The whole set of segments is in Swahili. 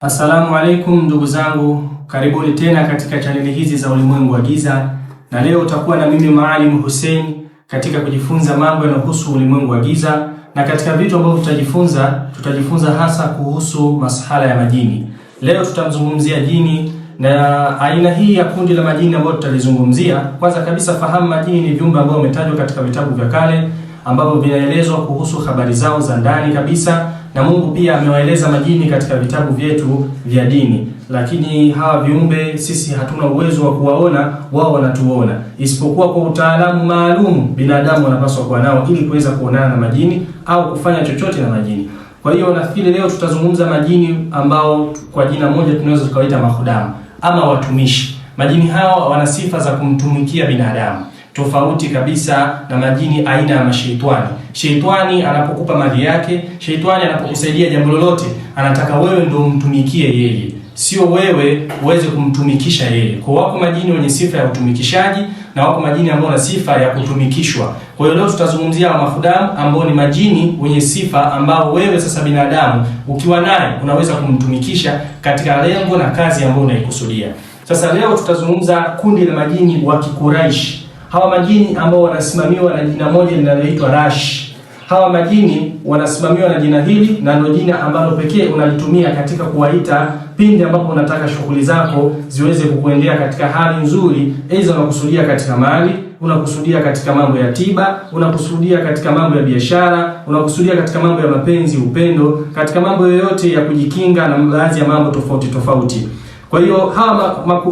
Assalamu alaikum ndugu zangu, karibuni tena katika chaneli hizi za ulimwengu wa giza, na leo utakuwa na mimi Maalim Hussein katika kujifunza mambo yanayohusu ulimwengu wa giza, na katika vitu ambavyo tutajifunza, tutajifunza hasa kuhusu mashala ya majini. Leo tutamzungumzia jini na aina hii ya kundi la majini ambayo tutalizungumzia. Kwanza kabisa, fahamu majini ni viumbe ambao wametajwa katika vitabu vya kale ambavyo vinaelezwa kuhusu habari zao za ndani kabisa na Mungu pia amewaeleza majini katika vitabu vyetu vya dini, lakini hawa viumbe sisi hatuna uwezo wa kuwaona, wao wanatuona, isipokuwa kwa utaalamu maalum binadamu wanapaswa kuwa nao ili kuweza kuonana na majini au kufanya chochote na majini. Kwa hiyo nafikiri leo tutazungumza majini ambao kwa jina moja tunaweza tukawaita mahudamu ama watumishi. Majini hao wana sifa za kumtumikia binadamu tofauti kabisa na majini aina ya masheitani. Sheitani anapokupa mali yake, sheitani anapokusaidia jambo lolote, anataka wewe ndio umtumikie yeye, sio wewe uweze kumtumikisha yeye. Kwa wako majini wenye sifa ya utumikishaji na wako majini ambao na sifa ya kutumikishwa. Kwa hiyo leo tutazungumzia mafudamu ambao ni majini wenye sifa ambao wewe sasa binadamu ukiwa naye unaweza kumtumikisha katika lengo na kazi ambayo unaikusudia. Sasa leo tutazungumza kundi la majini wa Kikuraishi Hawa majini ambao wanasimamiwa na jina moja linaloitwa Rash. Hawa majini wanasimamiwa na jina hili na ndio jina ambalo pekee unalitumia katika kuwaita pindi ambapo unataka shughuli zako ziweze kukuendea katika hali nzuri, aidha unakusudia katika mali, unakusudia katika mambo ya tiba, unakusudia katika mambo ya biashara, unakusudia katika mambo ya mapenzi, upendo, katika mambo yoyote ya kujikinga na baadhi ya mambo tofauti tofauti. Kwa hiyo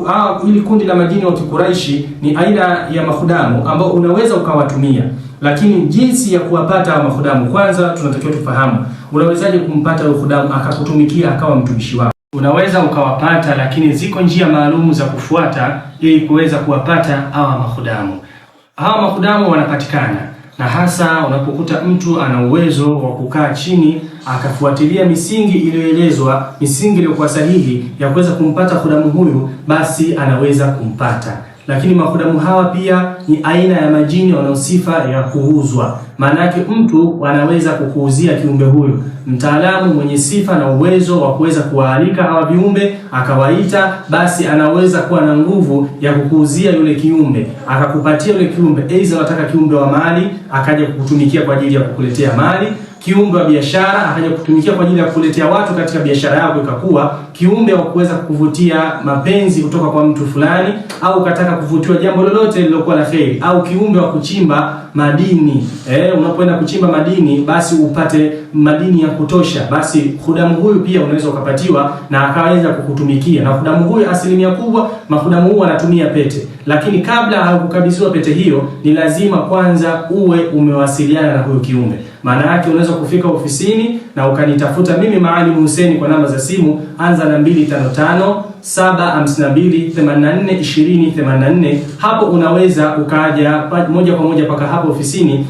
hawa, ili kundi la majini wa Kikuraishi ni aina ya mahudamu ambao unaweza ukawatumia, lakini jinsi ya kuwapata hawa mahudamu, kwanza tunatakiwa tufahamu, unawezaje kumpata huyo hudamu akakutumikia akawa mtumishi wako? Unaweza ukawapata, lakini ziko njia maalumu za kufuata ili kuweza kuwapata hawa mahudamu. Hawa mahudamu wanapatikana na hasa unapokuta mtu ana uwezo wa kukaa chini akafuatilia misingi iliyoelezwa, misingi iliyokuwa sahihi ya kuweza kumpata hudamu huyu, basi anaweza kumpata. Lakini mahudamu hawa pia ni aina ya majini wanaosifa sifa ya kuuzwa. Maana yake mtu anaweza kukuuzia kiumbe huyu, mtaalamu mwenye sifa na uwezo wa kuweza kuwaalika hawa viumbe akawaita, basi anaweza kuwa na nguvu ya kukuuzia yule kiumbe, akakupatia yule kiumbe, aidha wataka kiumbe wa mali, akaja kukutumikia kwa ajili ya kukuletea mali kiumbe wa biashara, akaja kutumikia kwa ajili ya kuletea watu katika biashara yako, ikakuwa kiumbe wa kuweza kuvutia mapenzi kutoka kwa mtu fulani, au ukataka kuvutiwa jambo lolote lilokuwa la kheri, au kiumbe wa kuchimba madini eh, unapoenda kuchimba madini basi upate madini ya kutosha, basi hudamu huyu pia unaweza ukapatiwa na akaweza kukutumikia. Na hudamu huyu asilimia kubwa mahudamu huyu anatumia pete, lakini kabla hakukabidhiwa pete hiyo, ni lazima kwanza uwe umewasiliana na huyo kiumbe. Maana yake unaweza kufika ofisini na ukanitafuta mimi Maalim Hussein kwa namba za simu, anza na 255 752 Hapo unaweza ukaja moja kwa moja mpaka hapo ofisini,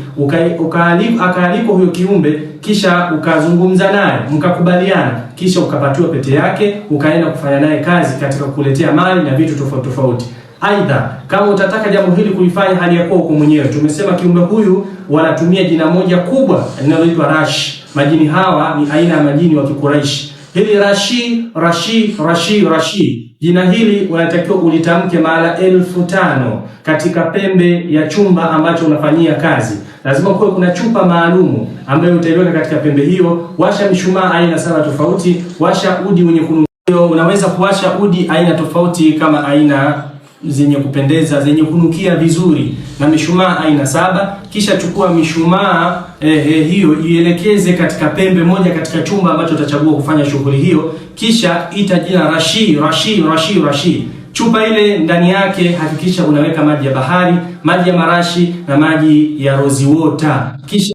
akaalikwa huyo kiumbe, kisha ukazungumza naye mkakubaliana, kisha ukapatiwa pete yake, ukaenda kufanya naye kazi katika kukuletea mali na vitu tofauti tofauti. Aidha, kama utataka jambo hili kuifanya hali ya kuwa uko mwenyewe, tumesema kiumbe huyu wanatumia jina moja kubwa linaloitwa Rash. Majini hawa ni aina ya majini wa Kikuraishi. Hili Rashi, Rashi, Rashi, Rashi, jina hili unatakiwa ulitamke mara elfu tano katika pembe ya chumba ambacho unafanyia kazi. Lazima kuwe kuna chupa maalumu ambayo utaiweka katika pembe hiyo. Washa mishumaa aina saba tofauti, washa udi wenye kunukia. Unaweza kuwasha udi aina tofauti kama aina zenye kupendeza zenye kunukia vizuri na mishumaa aina saba. Kisha chukua mishumaa eh, eh, hiyo ielekeze katika pembe moja katika chumba ambacho utachagua kufanya shughuli hiyo, kisha ita jina Rashi, Rashi, Rashi, Rashi. Chupa ile ndani yake hakikisha unaweka maji ya bahari, maji ya marashi na maji ya rose water, kisha